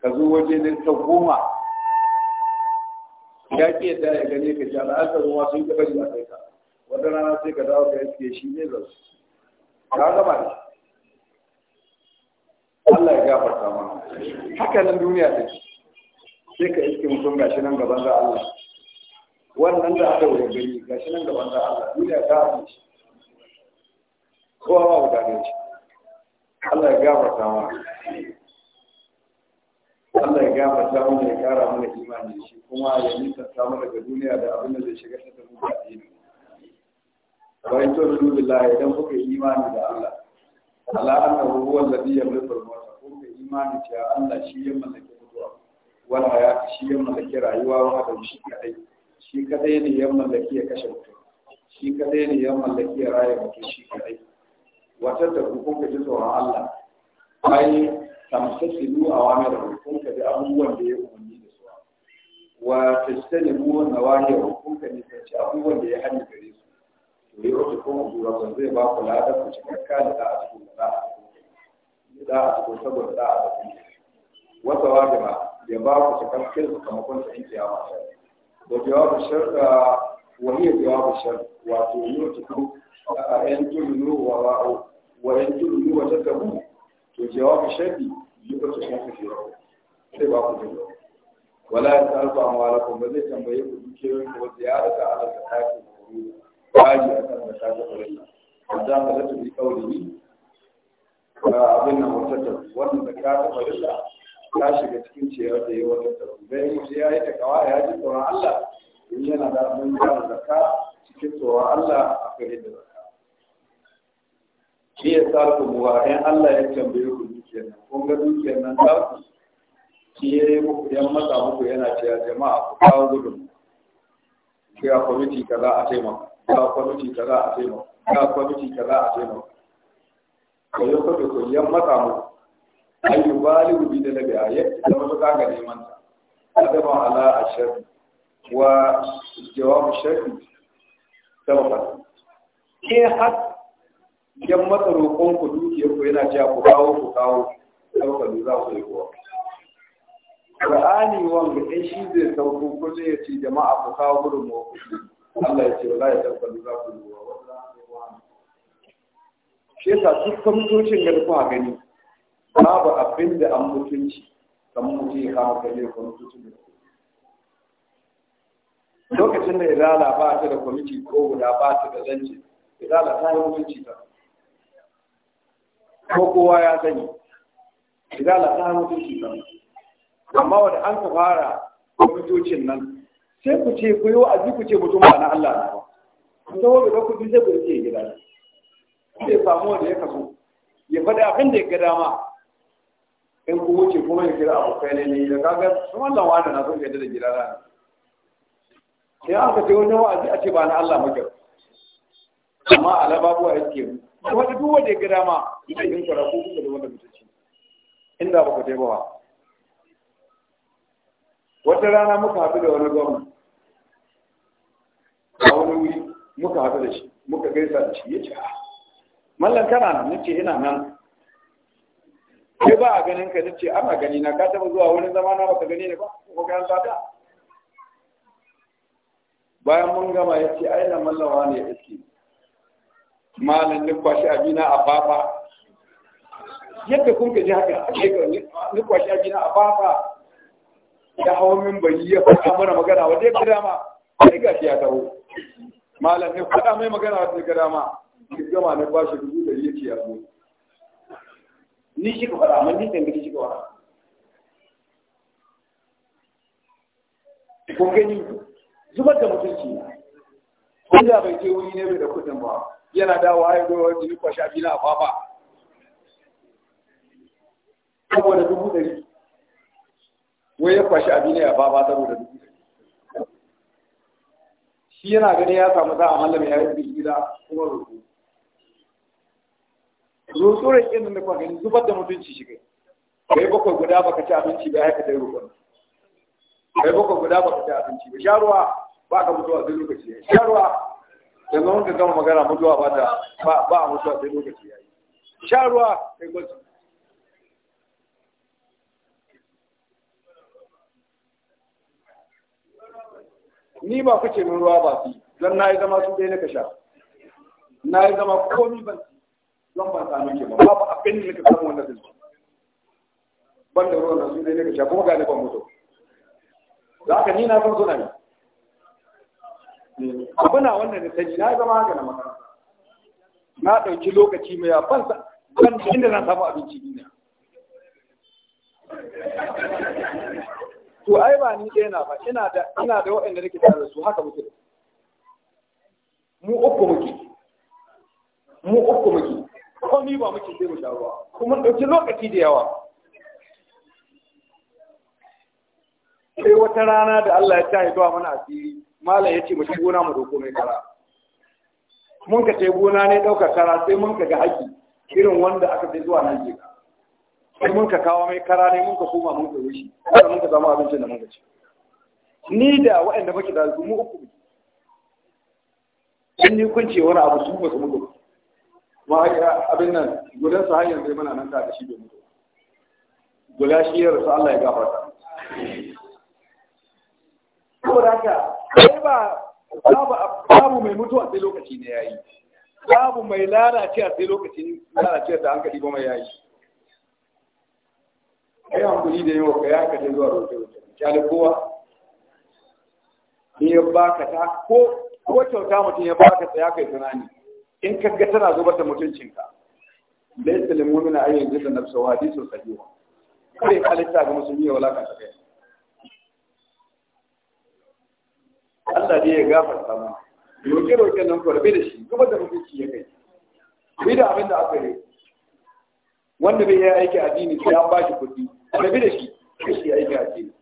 ka zo waje ne ta goma ya ke da ya gane ka ji al'adar ruwa sun taɓa bari a kai ka wata rana sai ka dawo ka iske shi ne zan ka gama ne Allah ya gafarta ma haka nan duniya ta ce sai ka iske mutum gashi nan gaban da Allah wannan da aka wuri gani gashi nan gaban da Allah duniya ta haɗe shi kowa ba guda ne Allah ya gafarta ma Allah ya gafarta da ya kara mana imani shi kuma ya ta mana daga duniya da abin da zai shiga ta tafi da addini wa in tu'minu billahi idan kuka yi imani da Allah ala annahu huwa alladhi yamliku al-mawt kuka imani cewa Allah shi ya mallaki mutuwa wal hayat shi ya mallaki rayuwa wa da shi kadai shi kadai ne ya mallaki ya kashe mutum shi kadai ne ya mallaki ya raya mutum shi kadai wata da kuka ji tsoron Allah ai tamsasilu awamir kuka ji abubuwan da ya umarni da su wa tajtanibu nawahir kuka ne ta abubuwan da ya hannu to yi wata kuma zuwa zai ba ku lada ku cikakka da za a cikin da za a cikin saboda za a cikin wata wajima ya ba ku cikakken sakamakon ta yanke yawa da jawabin sharda wani jawabin sharda wato yi wata kuma a yan tulunu wa wa'o wa yan tulunu wa tattabu to jawabin shardi yi wata kuma ku jira sai ba ku jira wala ya ta alfa amwalakum ba zai tambaye ku dukiyoyin ku ba ziyarata ala zakati ku baji a kan da kaga farilla da ka zata bi kauli abin nan wata ta wannan da ka ta farilla ta shiga cikin ciyar da yi wata ta bai sai ya yi ta kawa ya ji tsoron Allah in yana da abin da zakka cikin tsoron Allah a kai da zakka shi ya sa ku buwa in Allah ya tambaye ku dukiyar nan kun ga dukiyar nan ta ku shi ya yi muku yan mata muku yana cewa jama'a ku kawo gudun ku ya kwamiti kaza a taimaka Ya kwamiti kaza a kwamiti a taimako, ko yau kwafi ko yan matsa mu ayyu baligu bi da labi a yadda da wata kaga neman ta adama ala ashari wa jawabu shari sabaka ke har yan matsa roƙon ku dukiyar ku yana cewa ku kawo ku kawo sabaka za ku yi kuwa Qur'ani wanga ɗan shi zai sauko ko zai ce jama'a ku kawo gudunmuwa ku Allah ya ce ba ya tabbalu za ku ruwa wannan ruwa shi yasa duk kwamitocin da kuka gani babu abin da an mutunci kan mutum ya kama kai da kwamitocin da lokacin da izala ba ta da kwamiti ko guda ba ta da zance izala ta yi mutunci ta ko kowa ya sani izala ta yi mutunci ta amma wanda an ka fara kwamitocin nan sai ku ce ku yi wa'azi ku ce mutum ba na Allah na ba ku taho da ku sai ku ce gida sai samu wanda ya kaso ya faɗi abin da ya ga dama in ku wuce kuma ya kira abokai ne ne da kaga sun Allah wani na son yadda da gida na sai aka ce wani wa'azi a ce ba na Allah muke amma alababuwa ya ce wani duk wanda ya ga dama zai yin kwara ko kuma da wanda mutunci inda ba ku taimawa wata rana muka haɗu da wani gwamna a wani wuri muka haɗu da shi muka gaisa da shi ya ce a ah, mallan kana nan nace ina nan sai ba a ganin ka nace ana gani na ka taɓa zuwa wani zama na baka gani ne ba ko ka san ta bayan mun gama ya ce aina mallawa ne ya iske malam ni kwashi abina a fafa yadda kun ji haka ni kwashi abina a jina a fafa ya hawa min bayi ya faɗa mana magana wanda ya fi dama sai shi ya taho malam ya faɗa mai magana a ga dama ki gama na ba shi dubu ɗari yace ya zo ni shi ka faɗa amma ni kan shi ka faɗa ko gani zubar da mutunci inda bai ce wuri ne bai da kudin ba yana wa ya da wani kwashi a fila a fafa da dubu ɗari wai ya kwashi a fila a fafa saboda dubu ɗari shi yana ganin ya samu za a mallame ya yi gida kuma rufu rutsu da ƙin da kwa gani zubar da mutunci shi kai kai bakwai guda baka ci abinci ba haka dai rufu kai bakwai guda baka ci abinci ba sharuwa ba ka mutuwa zai lokaci ya sharuwa yanzu mun ka gama magana mutuwa ba ta ba a mutuwa zai lokaci ya yi sharuwa kai gwaji ni ba kuce min ruwa ba fi don na yi zama su ɗaya na kasha na yi zama komi ban don ban sami ke ba babu abin da nika samu wannan zuwa ban da ruwan su ɗaya na kasha kuma gane ban mutu za ka ni na san suna ne abu na wannan da sani na yi zama haka na makaranta na ɗauki lokaci mai ban ban inda na samu abinci ne to ai ba ni ɗaya na ba ina da ina da waɗanda nake tare da su haka muke mu uku muke mu uku muke komi ba muke ce mu sharuwa kuma ɗauki lokaci da yawa sai wata rana da Allah ya tahi zuwa mana asiri malam ya ce mu shi gona mu doko mai kara mun ka ce gona ne ɗaukar kara sai mun ka ga haƙi irin wanda aka fi zuwa nan jika sai mun ka kawo mai kara ne mun ka koma mun ka shi kada mun ka samu abincin da mun ka ci ni da waɗanda muke da su mu uku in ni kun ce wani abu su ba su mutu ma abin nan gudan su hanyar zai mana nan da shi bai mutu gula shi ya rasu Allah ya gafarta saboda haka sai ba babu babu mai mutuwa sai lokaci ne yayi babu mai lalace a sai lokaci lalace da hankali ba mai yayi kai hankuli da yawa ka ya ka ta zuwa rute rute kyale kowa ni ya baka ta ko ko kyauta mutum ya baka ta ya kai tunani in ka ga tana zubar da mutuncinka laysa lil mu'mina ay yajidu nafsahu hadithu sahih kai halitta ga musulmi wala ka ta kai Allah dai ya gafarta mu roke roke nan ko rabe da shi kuma da mutunci ya kai bi da abin da aka yi wanda bai yi aiki addini sai an bashi kuɗi tafi da shi aiki addini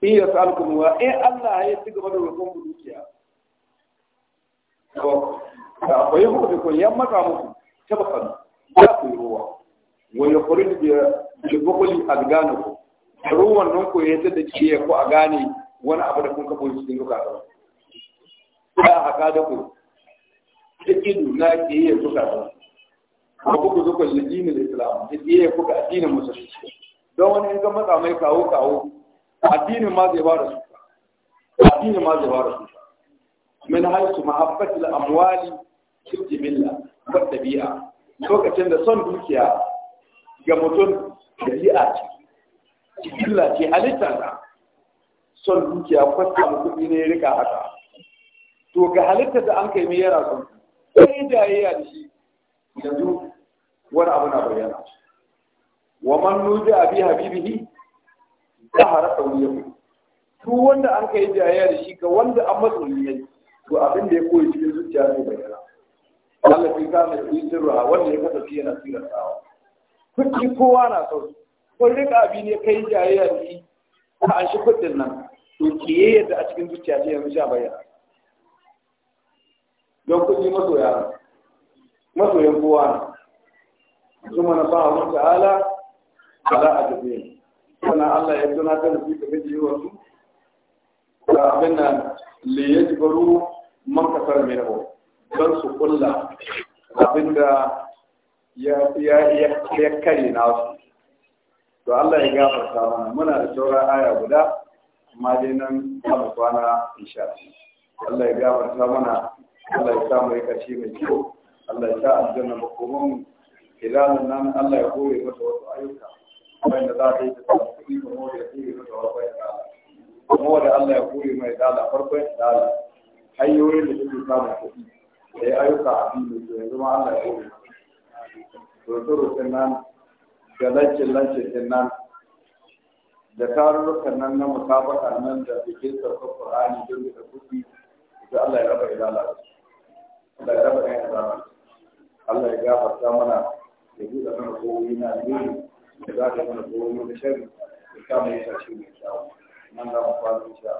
in ya sa alkun wa in Allah ya ci gaba da roƙon dukiya to ka koyi da maka muku ku ruwa wa ya kuri da bukuli adganaku ruwan nan ya ciye a wani abu da kun cikin duka na ke ko kuka zo ku dinin islam da iya kuka addinin musulunci don wani in ga matsa mai kawo kawo addinin ma zai fara su addinin ma zai fara su min haisu mahabbatul amwali fil jibilla wa tabi'a lokacin da son dukiya ga mutum tabi'a ce jibilla ce halitta ta son dukiya kwasta mu kuɗi ne rika haka to ga halitta da an kai mai yara son sai jayayya da shi yanzu wani abu na bayyana wa man nuji abi habibihi zahara tawliyahu to wanda an kai jayayya da shi ga wanda an matsoyi to abin da ya koyi cikin zuciya ne bayyana Allah fi ka mai sirra wanda ya kasance yana tsawa. Kuki kowa na so ko duk abi ne kai jayayya da shi ka an shi kuɗin nan to ke yadda a cikin zuciya ce yanzu sha bayyana don kuɗi masoya masoyan kowa zuma na ba wa ta'ala ala adabi sannan Allah ya zuna ta nufi ta da yiwa su da abin nan li yajbaru man kasar mai rabo don su kulla abin da ya ya kare na su to Allah ya gafarta mana muna da sauran aya guda amma dai nan za kwana insha Allah ya gafarta mana Allah ya samu ya kashi mai kyau Allah ya sa aljanna makomin hilalun nan Allah ya kore mata wasu ayyuka wanda za ta yi ta samu kuɗi kuma wanda ya kore mata wasu ayyuka kuma wanda Allah ya kore mai dala farkon dala hanyoyin da suke samun kuɗi da ya ayyuka a fili to yanzu ma Allah ya kore rote-roten nan da lancin-lancin nan da tarurrukan nan na musabaka nan da bikin sarkar Qur'ani don da kuɗi da Allah ya raba ilala Allah ya raba ilala Allah ya gafarta mana ya buɗe mana kowoyi na alheri ya zaga mana kowoyi na shari ya kama ya tashi mai kyawu nan za mu fara insha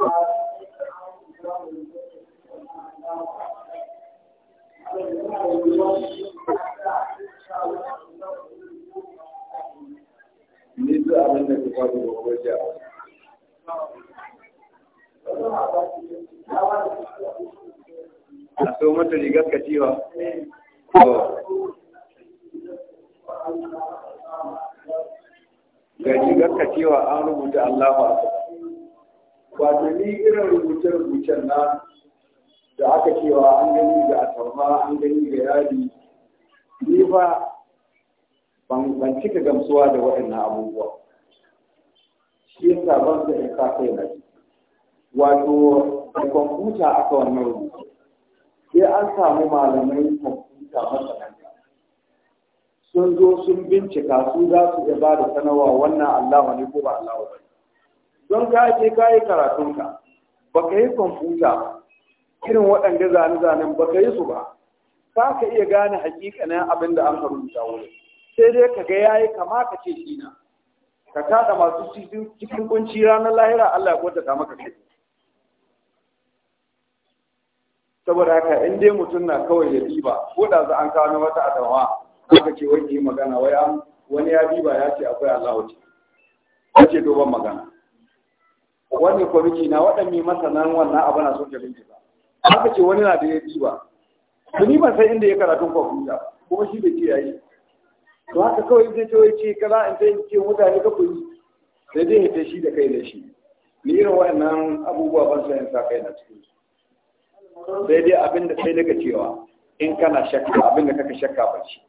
Thank you. Ni duk abin ba kuma A Ga rigar an rubuta Allahu Akbar. ni irin rubuce-rubucen na da aka cewa an gani da atamma an gani da yadi ni ba ban cika gamsuwa da waɗannan abubuwa shi sa ban da ya kai na wato da kwamfuta aka wannan rubutu sai an samu malamai kwamfuta masananta sun zo sun bincika su za su iya ba da sanarwa wannan allawa ne ko ba allawa ba don ka je ka yi karatunka ba ka yi kwamfuta ba irin waɗanda zane-zanen ba ka yi su ba ba ka iya gane hakikanin abin da an rubuta wurin sai dai ka ga yi kama ka ce shi na ka tada masu cikin kunci ranar lahira Allah ya kwatanta maka kai saboda haka in dai mutum na kawai ya diba ko da za an kawo wata adawa aka ce wai yi magana wai wani ya diba ya ce akwai Allah ce ya ce doban magana wani kwamiti na waɗanne masanan wannan abu na son ba bincika haka ce wani na da ya ba to ni ba sai inda ya karatun kwamfuta kuma shi bai ke ya yi to haka kawai zai ce wai ce kaza in sai ce mutane ka kuyi sai dai ya shi da kai da shi ni irin waɗannan abubuwa ban san sa kai na cikin sai dai abin da sai daga cewa in kana shakka abin da kaka shakka ba shi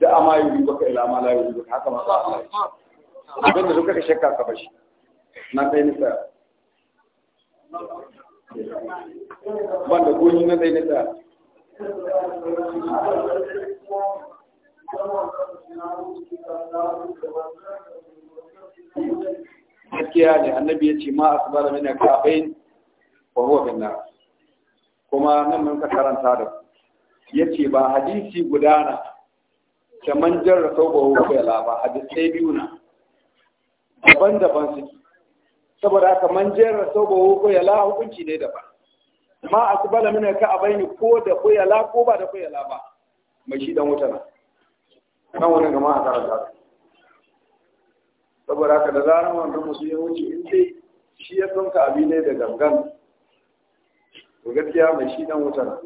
da amma yi baka ila ma la yi baka haka ma ba abin da kaka shakka ka ba shi na kai ni tsaya wanda ko na zai nita gaskiya ne annabi ya ce ma a tsibara mina kafin kwaruwa binna kuma nan mun ka karanta da ya ce ba hadisi gudana kaman jarra sau ba hukula ba hadisai biyu na daban-daban suke saboda haka man jera sauba ko ya la hukunci ne daban ma bala mina ka abaini ko da ko ya la ko ba da ko ya la ba mai shi dan wuta na kan wannan gama a da saboda haka da zaran wanda musu ya wuce in dai shi ya tsunka abi ne da gangan to gaskiya mai shi dan wuta na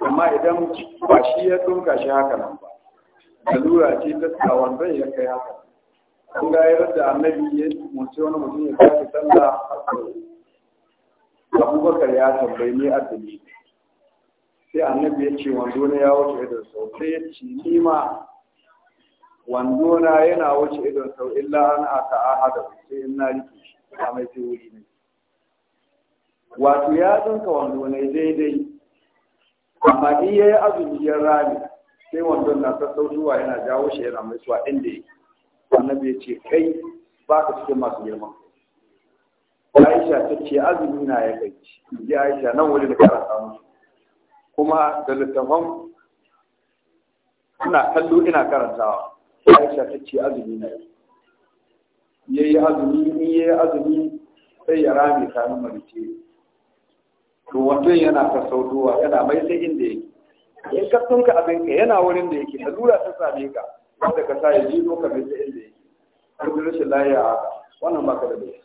amma idan ba shi ya tsunka shi haka nan ba lura ce ta tsawon zai ya kai haka kun gayar da annabi ya mace wani mutum ya kashi sallah abubakar ya tambayi ni addini sai annabi ya ce wando na ya wuce idon sau sai ya ce ni ma wando na yana wuce idon sau illa an aka ahada sai in na rike shi a mai sai wuri ne wato ya tsinka wando na daidai amma in ya yi azumi ya rami sai wandon na sassautuwa yana jawo shi yana mai suwa inda yake annabi ya ce kai ba ka cikin masu girma. Aisha ta ce azumi na ya kai ji Aisha nan wani da kara samu kuma da littafan ina kallo ina karantawa Aisha ta ce azumi na ya yi azumi in ya yi azumi sai ya rame kamin marice to wato yana ta sautowa yana mai sai inda yake in ka tunka abin ka yana wurin da yake ka lura ta same ka wanda ka sa ya ji ko ka mai sai inda yake gudun rashin lahiya wannan baka da laifi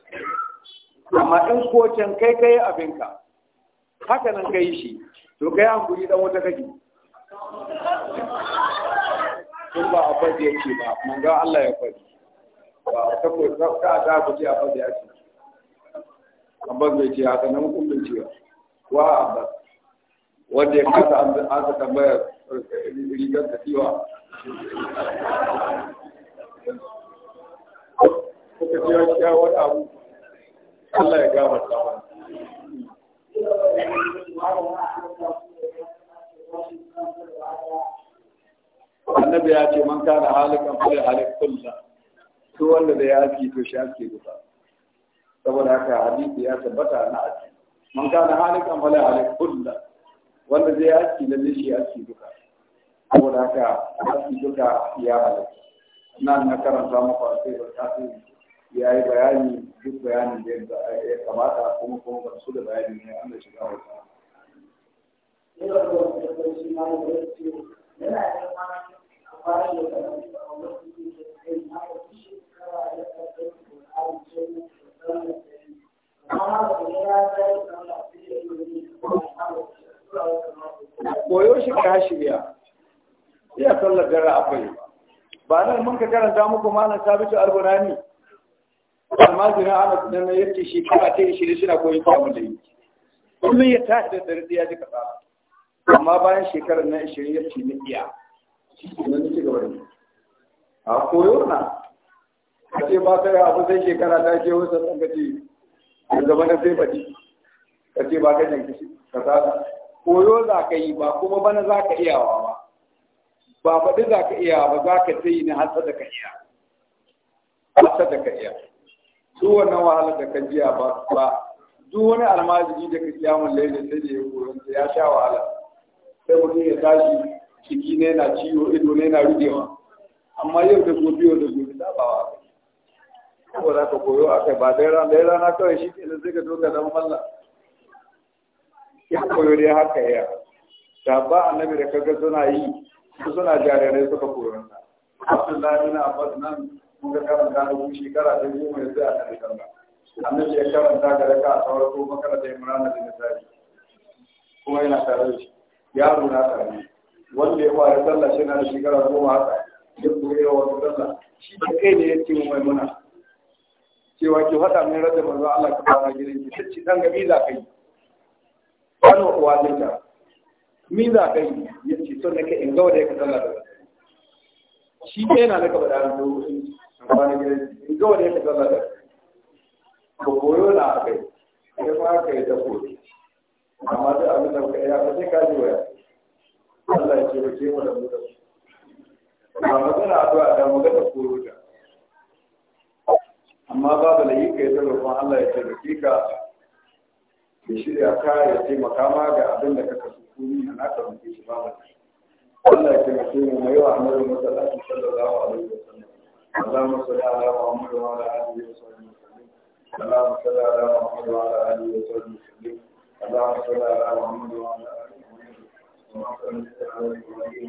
amma in ko can kai kai abinka haka nan kai shi to kai hankuri dan wata kake kun ba abin da yake ba mun ga Allah ya faɗi ba ta ko ta ta ku ce abin da yake abin zai ce haka nan kun bin cewa wa abin wanda ya kasa an ta tambaya eh, rigar da tiwa kuka ji kyawar abu Allah ya gama tsawa annabi ya ce man kana halikan fali halik kulla to wanda da ya aski to shi aski guda saboda haka hadisi ya tabbata na aski man kana halikan fali halik kulla wanda zai aski lalle shi aski duka saboda haka aski duka ya halitta nan na karanta muku a sai ba ya yi bayani duk bayanin da yadda ya kamata kuma kuma ba su da bayani ne an da shiga wata. Koyo shi ka shirya, iya sallar dare akwai ba. ba nan mun ka karanta muku malam sabitu al-bunani almajirin ana nan ya yake shi kara ta shi ne suna koyi kyamun da yi kullum ya tashi da dare ji kasa amma bayan shekarar na ishirin ya ce na iya nan ci gaba da a koyo na ka ce ba ta abu sai shekara ta ce wasu ɗan a gaba na sai faɗi ka ce ba ka jan shi. ka koyo za ka yi ba kuma bana za ka iyawa ba faɗi za ka iya ba za ka ta yi na hasa da ka iya hasa da ka iya su wannan wahala da ka jiya ba ba duk wani almajiri da ka mun laifin sai da ya koyon ya sha wahala sai mutum ya tashi ciki ne na ciwo ido ne na rudewa amma yau da gobe yau da gobe da ba wa ko za ka koyo a kai ba dai rana dai rana kawai shi kenan zai ka zo ka zama mallam ya koyo dai haka ya da ba annabi da kaga suna yi su suna jarirai suka koyon sa abdullahi na abbas nan mun ga karanta da mu shekara ta goma yanzu a karshen ba. annabi ya karanta ga raka a sauran ko ya imran da nisa'i kuma yana tare da shi yaro na tare. wanda ya fara sallah shi na da shekara goma haka ya koyi wa wasu sallah shi da kai ne ya ce mai muna cewa ki faɗa min rajin manzo Allah ka fara gidan ki sai ɗan gabi za kai wani wa ne ta min za ka yi ya ce son nake in gawa da ya kasar da shi ke na naka ba da an zo amfani da in gawa da ya kasar da ba koyo na a kai ya ma haka yi ta koyo amma duk abin da ka yi a ka ji waya Allah ya ce ba ke mu da mu da mu ba magana addu'a da magana koyo da amma babu da yi ka yi ta lokacin Allah ya ce ba ka ya shirya ka ya taimaka ma ga abin da ka kasu kunina na ta mutu shi ba ta Allah ya